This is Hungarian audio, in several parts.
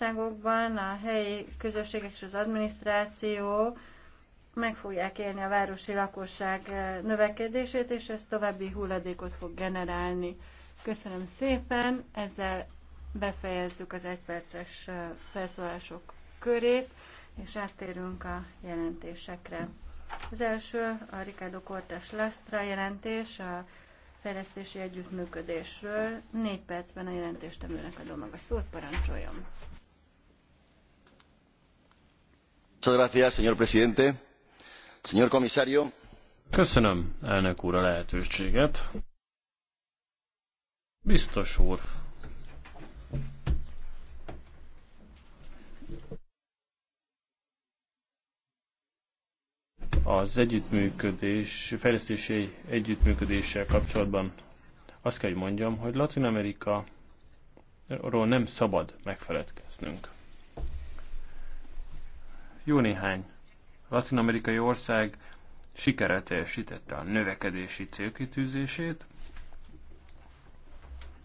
országokban a helyi közösségek és az adminisztráció meg fogják élni a városi lakosság eh, növekedését, és ez további hulladékot fog generálni. Köszönöm szépen, ezzel befejezzük az egyperces eh, felszólások körét, és áttérünk a jelentésekre. Az első a Ricardo Cortes Lastra jelentés a fejlesztési együttműködésről. Négy percben a jelentéstevőnek adom meg a szót, parancsoljon señor presidente señor comisario köszönöm elnök úr a lehetőséget biztos úr az együttműködés fejlesztési együttműködéssel kapcsolatban azt kell hogy mondjam hogy latin amerika nem szabad megfeledkeznünk. Jó néhány latin-amerikai ország sikere teljesítette a növekedési célkitűzését,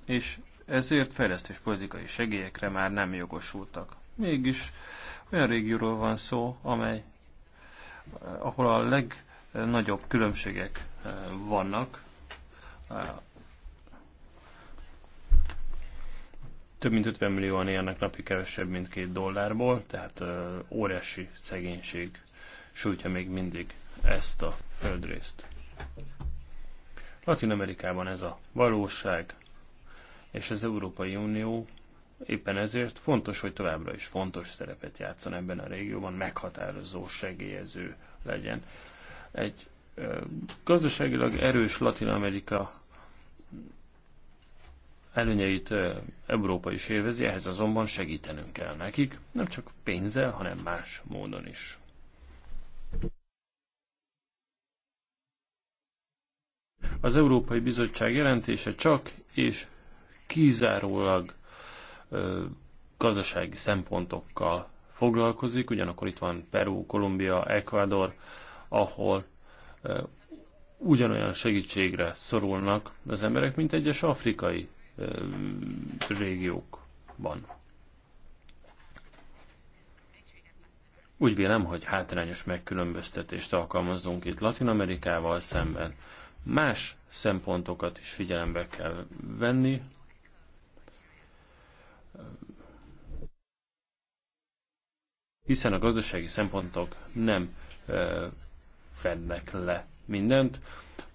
és ezért politikai segélyekre már nem jogosultak. Mégis olyan régióról van szó, amely, ahol a legnagyobb különbségek eh, vannak eh, Több mint 50 millióan élnek napi kevesebb, mint két dollárból, tehát óriási szegénység sújtja még mindig ezt a földrészt. Latin Amerikában ez a valóság, és az Európai Unió éppen ezért fontos, hogy továbbra is fontos szerepet játszon ebben a régióban, meghatározó, segélyező legyen. Egy gazdaságilag erős Latin Amerika előnyeit Európa is élvezi, ehhez azonban segítenünk kell nekik, nem csak pénzzel, hanem más módon is. Az Európai Bizottság jelentése csak és kizárólag ö, gazdasági szempontokkal foglalkozik, ugyanakkor itt van Peru, Kolumbia, Ecuador, ahol ö, ugyanolyan segítségre szorulnak az emberek, mint egyes afrikai régiókban. Úgy vélem, hogy hátrányos megkülönböztetést alkalmazzunk itt Latin Amerikával szemben. Más szempontokat is figyelembe kell venni. Hiszen a gazdasági szempontok nem fednek le mindent.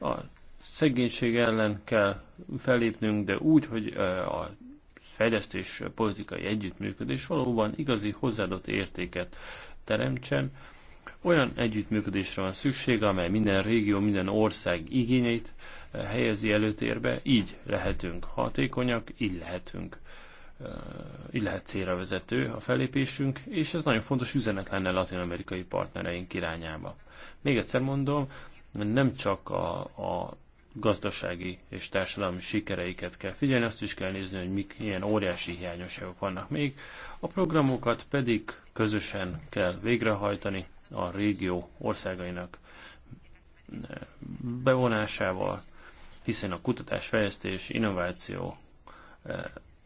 A szegénység ellen kell fellépnünk, de úgy, hogy a fejlesztés politikai együttműködés valóban igazi hozzáadott értéket teremtsen. Olyan együttműködésre van szükség, amely minden régió, minden ország igényeit helyezi előtérbe, így lehetünk hatékonyak, így lehetünk így lehet célra vezető a felépésünk, és ez nagyon fontos üzenet lenne latin-amerikai partnereink irányába. Még egyszer mondom, nem csak a, a gazdasági és társadalmi sikereiket kell figyelni, azt is kell nézni, hogy mik, milyen óriási hiányosságok vannak még. A programokat pedig közösen kell végrehajtani a régió országainak eh, bevonásával, hiszen a kutatás, fejlesztés, innováció eh,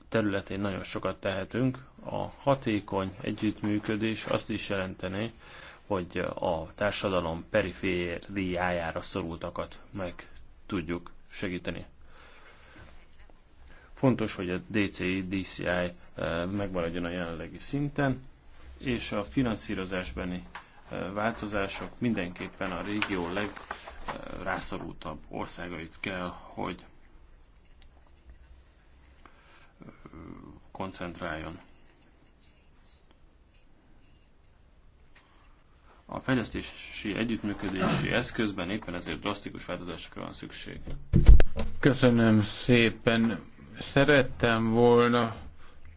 területén nagyon sokat tehetünk. A hatékony együttműködés azt is jelenteni, hogy a társadalom perifériájára szorultakat meg tudjuk segíteni. Fontos, hogy a DCI, DCI eh, megmaradjon a jelenlegi szinten, és a finanszírozásbeni eh, változások mindenképpen a régió legrászorultabb országait kell, hogy eh, koncentráljon. A fejlesztési együttműködési eszközben éppen ezért drasztikus változásokra van szükség. Köszönöm szépen. Szerettem volna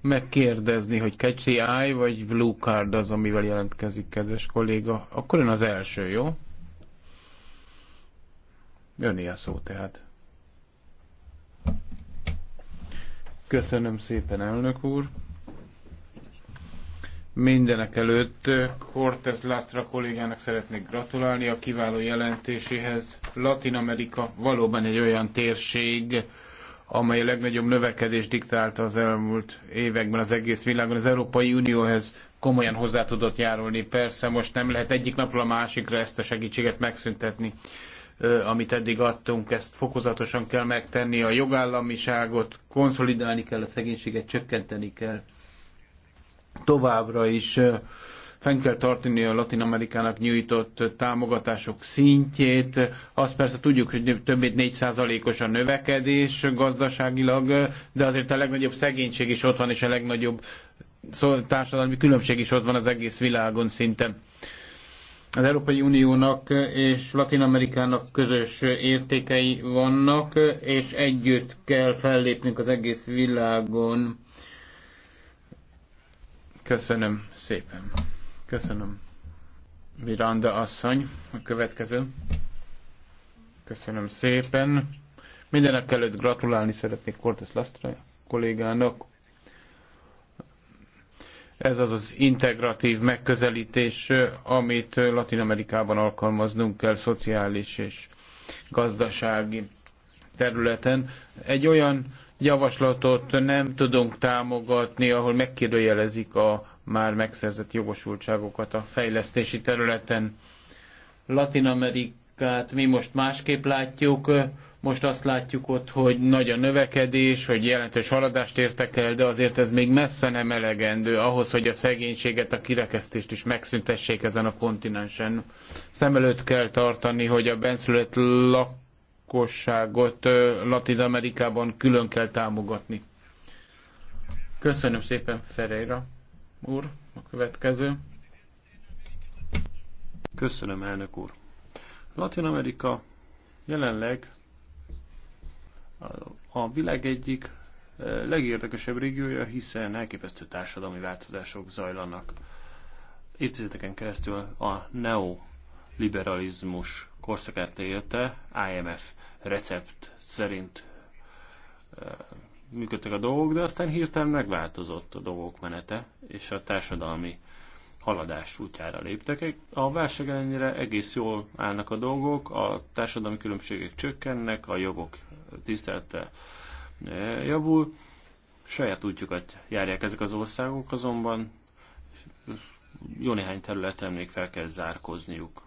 megkérdezni, hogy Kecsi Eye vagy Blue Card az, amivel jelentkezik, kedves kolléga. Akkor ön az első, jó? Jönni a szó tehát. Köszönöm szépen, elnök úr. Mindenek előtt eh, Cortez Lastra kollégának szeretnék gratulálni a kiváló jelentéséhez. Latin Amerika valóban egy olyan térség, amely a legnagyobb növekedést diktálta az elmúlt években az egész világon. Az Európai Unióhez komolyan hozzá tudott járulni. Persze most nem lehet egyik napról a másikra ezt a segítséget megszüntetni, eh, amit eddig adtunk. Ezt fokozatosan kell megtenni, a jogállamiságot konszolidálni kell, a szegénységet csökkenteni kell továbbra is fenn kell tartani a Latin Amerikának nyújtott támogatások szintjét. Azt persze tudjuk, hogy több mint 4%-os a növekedés gazdaságilag, de azért a legnagyobb szegénység is ott van, és a legnagyobb társadalmi különbség is ott van az egész világon szinte. Az Európai Uniónak és Latin Amerikának közös értékei vannak, és együtt kell fellépnünk az egész világon Köszönöm szépen. Köszönöm. Miranda asszony, a következő. Köszönöm szépen. Mindenek előtt gratulálni szeretnék Cortes Lastra kollégának. Ez az az integratív megközelítés, amit Latin Amerikában alkalmaznunk kell szociális és gazdasági területen. Egy olyan javaslatot nem tudunk támogatni, ahol megkérdőjelezik a már megszerzett jogosultságokat a fejlesztési területen. Latin Amerikát mi most másképp látjuk, most azt látjuk ott, hogy nagy a növekedés, hogy jelentős haladást értek el, de azért ez még messze nem elegendő ahhoz, hogy a szegénységet, a kirekesztést is megszüntessék ezen a kontinensen. Szem előtt kell tartani, hogy a benszülött lak lakosságot Latin Amerikában külön kell támogatni. Köszönöm szépen Ferreira úr, a következő. Köszönöm, elnök úr. Latin Amerika jelenleg a világ egyik legérdekesebb régiója, hiszen elképesztő társadalmi változások zajlanak. Évtizedeken keresztül a neo liberalizmus korszakát élte, IMF recept szerint működtek a dolgok, de aztán hirtelen megváltozott a dolgok menete, és a társadalmi haladás útjára léptek. A válság ellenére egész jól állnak a dolgok, a társadalmi különbségek csökkennek, a jogok tisztelete javul, saját útjukat járják ezek az országok, azonban jó néhány területen még fel kell zárkozniuk.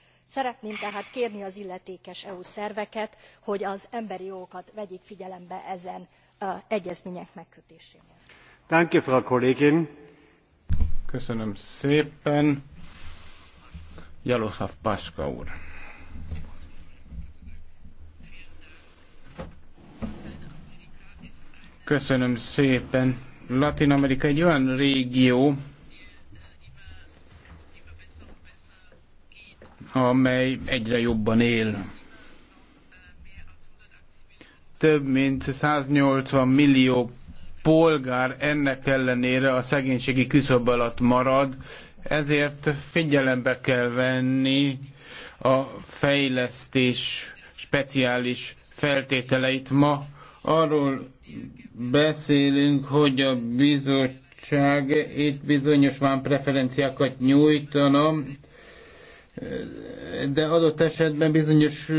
szeretném tehát kérni az illetékes eu szerveket hogy az emberi jogokat vegyék figyelembe ezen egyezmények megkötésénél. Köszönöm szépen. Jaroszláv Paska úr. Köszönöm szépen. Latin Amerika egy olyan régió, amely egyre jobban él. Több mint 180 millió polgár ennek ellenére a szegénységi küszöb alatt marad, ezért figyelembe kell venni a fejlesztés speciális feltételeit. Ma arról beszélünk, hogy a bizottság itt bizonyos van preferenciákat nyújtana, de adott esetben bizonyos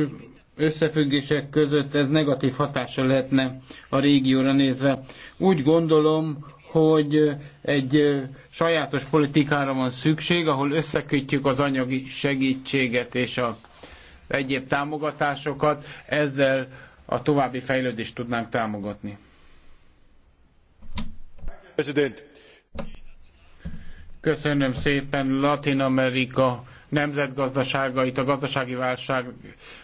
összefüggések között ez negatív hatása lehetne a régióra nézve. Úgy gondolom, hogy egy sajátos politikára van szükség, ahol összekötjük az anyagi segítséget és a egyéb támogatásokat, ezzel a további fejlődést tudnánk támogatni. Köszönöm szépen, Latin Amerika nemzetgazdaságait a gazdasági válság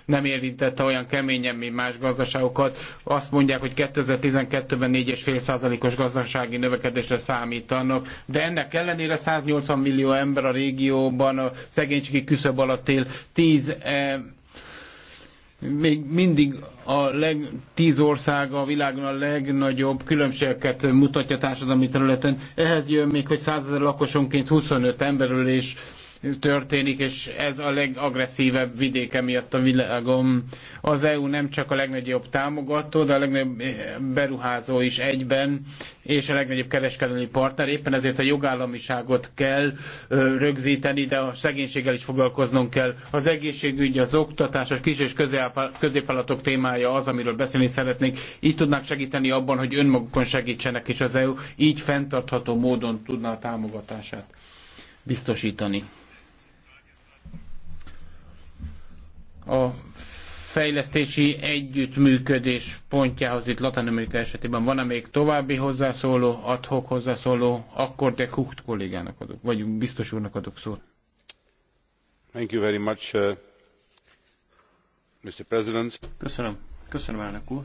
nem érintette olyan keményen, mint más gazdaságokat. Azt mondják, hogy 2012-ben 4,5%-os gazdasági növekedésre számítanak, de ennek ellenére 180 millió ember a régióban a szegénységi küszöb alatt él, 10 eh, még mindig a leg, tíz ország a világon a legnagyobb különbségeket mutatja társadalmi területen. Ehhez jön még, hogy százezer lakosonként 25 emberül és történik, és ez a legagresszívebb vidéke miatt a világon. Az EU nem csak a legnagyobb támogató, de a legnagyobb eh, beruházó is egyben, és a legnagyobb kereskedelmi partner. Éppen ezért a jogállamiságot kell rögzíteni, de a szegénységgel is foglalkoznunk kell. Az egészségügy, az oktatás, a kis és középvállalatok témája az, amiről beszélni szeretnék. Így tudnák segíteni abban, hogy önmagukon segítsenek is az EU, így fenntartható módon tudná a támogatását biztosítani. a fejlesztési együttműködés pontjához itt Latin Amerika esetében. Van-e még további hozzászóló, adhok hozzászóló, akkor de Kucht kollégának adok, vagy biztos úrnak adok szót. Thank you very much, uh, Mr. President. Köszönöm. Köszönöm, elnök úr.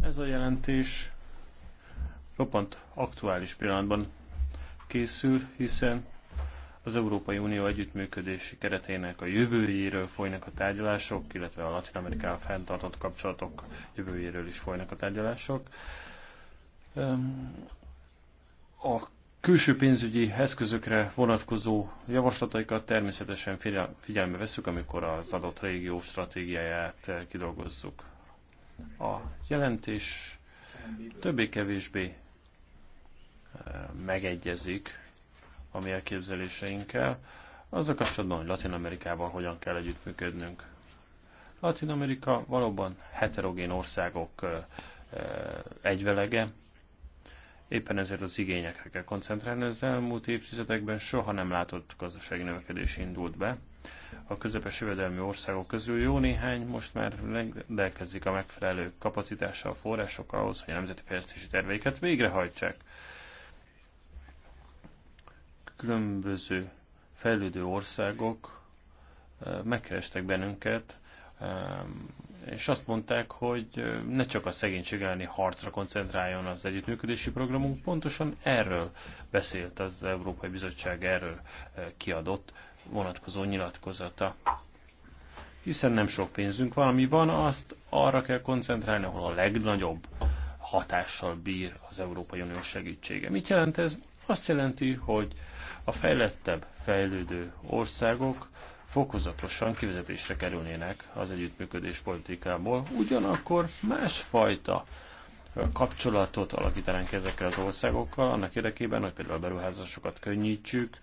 Ez a jelentés roppant aktuális pillanatban készül, hiszen az Európai Unió együttműködési keretének a jövőjéről folynak a tárgyalások, illetve a Latin Amerikával fenntartott kapcsolatok jövőjéről is folynak a tárgyalások. A külső pénzügyi eszközökre vonatkozó javaslataikat természetesen figyelme veszük, amikor az adott régió stratégiáját kidolgozzuk. A jelentés többé-kevésbé megegyezik a mi elképzeléseinkkel, a kapcsolatban, hogy Latin Amerikával hogyan kell együttműködnünk. Latin Amerika valóban heterogén országok egyvelege, éppen ezért az igényekre kell koncentrálni. Az elmúlt évtizedekben soha nem látott gazdasági növekedés indult be. A közepes jövedelmi országok közül jó néhány most már rendelkezik a megfelelő kapacitással, forrásokkal ahhoz, hogy a nemzeti fejlesztési terveiket végrehajtsák különböző fejlődő országok eh, megkerestek bennünket, eh, és azt mondták, hogy eh, ne csak a szegénység elleni harcra koncentráljon az együttműködési programunk, pontosan erről beszélt az Európai Bizottság, erről kiadott vonatkozó nyilatkozata. Hiszen nem sok pénzünk van, ami van, azt arra kell koncentrálni, ahol a legnagyobb hatással bír az Európai Unió segítsége. Mit jelent ez? Azt jelenti, hogy a fejlettebb, fejlődő országok fokozatosan kivezetésre kerülnének az együttműködés politikából, ugyanakkor másfajta kapcsolatot alakítanánk ezekkel az országokkal, annak érdekében, hogy például a beruházásokat könnyítsük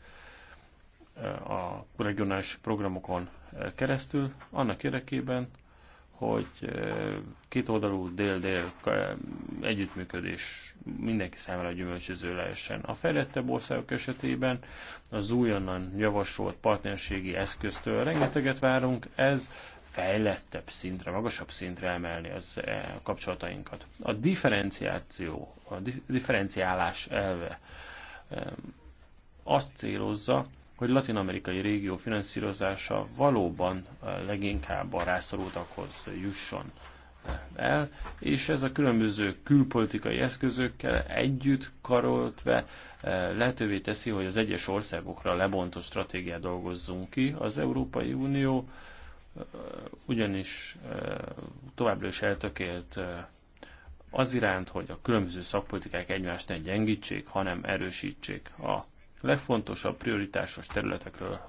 a regionális programokon keresztül, annak érdekében, hogy oldalú dél-dél együttműködés mindenki számára gyümölcsöző lehessen. A fejlettebb országok esetében az újonnan javasolt partnerségi eszköztől rengeteget várunk, ez fejlettebb szintre, magasabb szintre emelni az kapcsolatainkat. A differenciáció, a differenciálás elve azt célozza, hogy latin-amerikai régió finanszírozása valóban eh, leginkább a rászorultakhoz jusson eh, el, és ez a különböző külpolitikai eszközökkel együtt karoltve eh, lehetővé teszi, hogy az egyes országokra lebontott stratégiát dolgozzunk ki. Az Európai Unió ugyanis továbbra is eltökélt az iránt, hogy a különböző szakpolitikák egymást ne gyengítsék, hanem erősítsék a legfontosabb prioritásos területekről,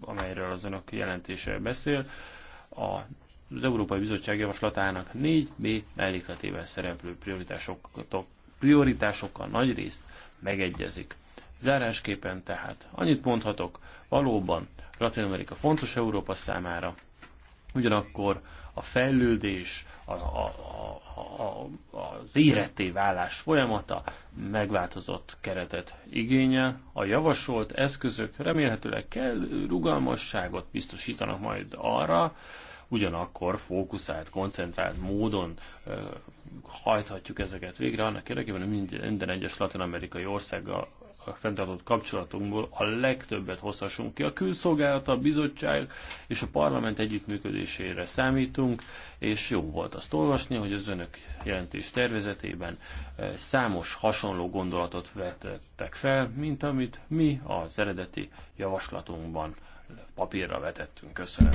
amelyről az önök jelentése beszél, a az Európai Bizottság javaslatának 4B mellékletével szereplő prioritásokkal, prioritásokkal nagy részt megegyezik. Zárásképpen tehát annyit mondhatok, valóban Latin Amerika fontos Európa számára, Ugyanakkor a fejlődés, a, a, a, a, az éretté válás folyamata megváltozott keretet igényel. A javasolt eszközök remélhetőleg kell rugalmasságot biztosítanak majd arra, ugyanakkor fókuszált, koncentrált módon ö, hajthatjuk ezeket végre, annak érdekében, hogy minden egyes latin-amerikai országgal fenntartott kapcsolatunkból a legtöbbet hozhassunk ki. A külszolgálat, a bizottság és a parlament együttműködésére számítunk, és jó volt azt olvasni, hogy az önök jelentés tervezetében eh, számos hasonló gondolatot vetettek fel, mint amit mi az eredeti javaslatunkban papírra vetettünk. Köszönöm.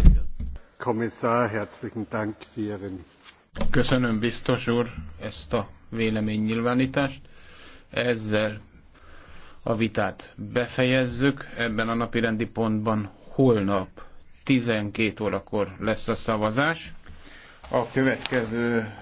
Kommissar, herzlichen Dank für Ihren Köszönöm biztos úr ezt a véleménynyilvánítást. Ezzel a vitát befejezzük. Ebben a napi rendi pontban holnap 12 órakor lesz a szavazás. A következő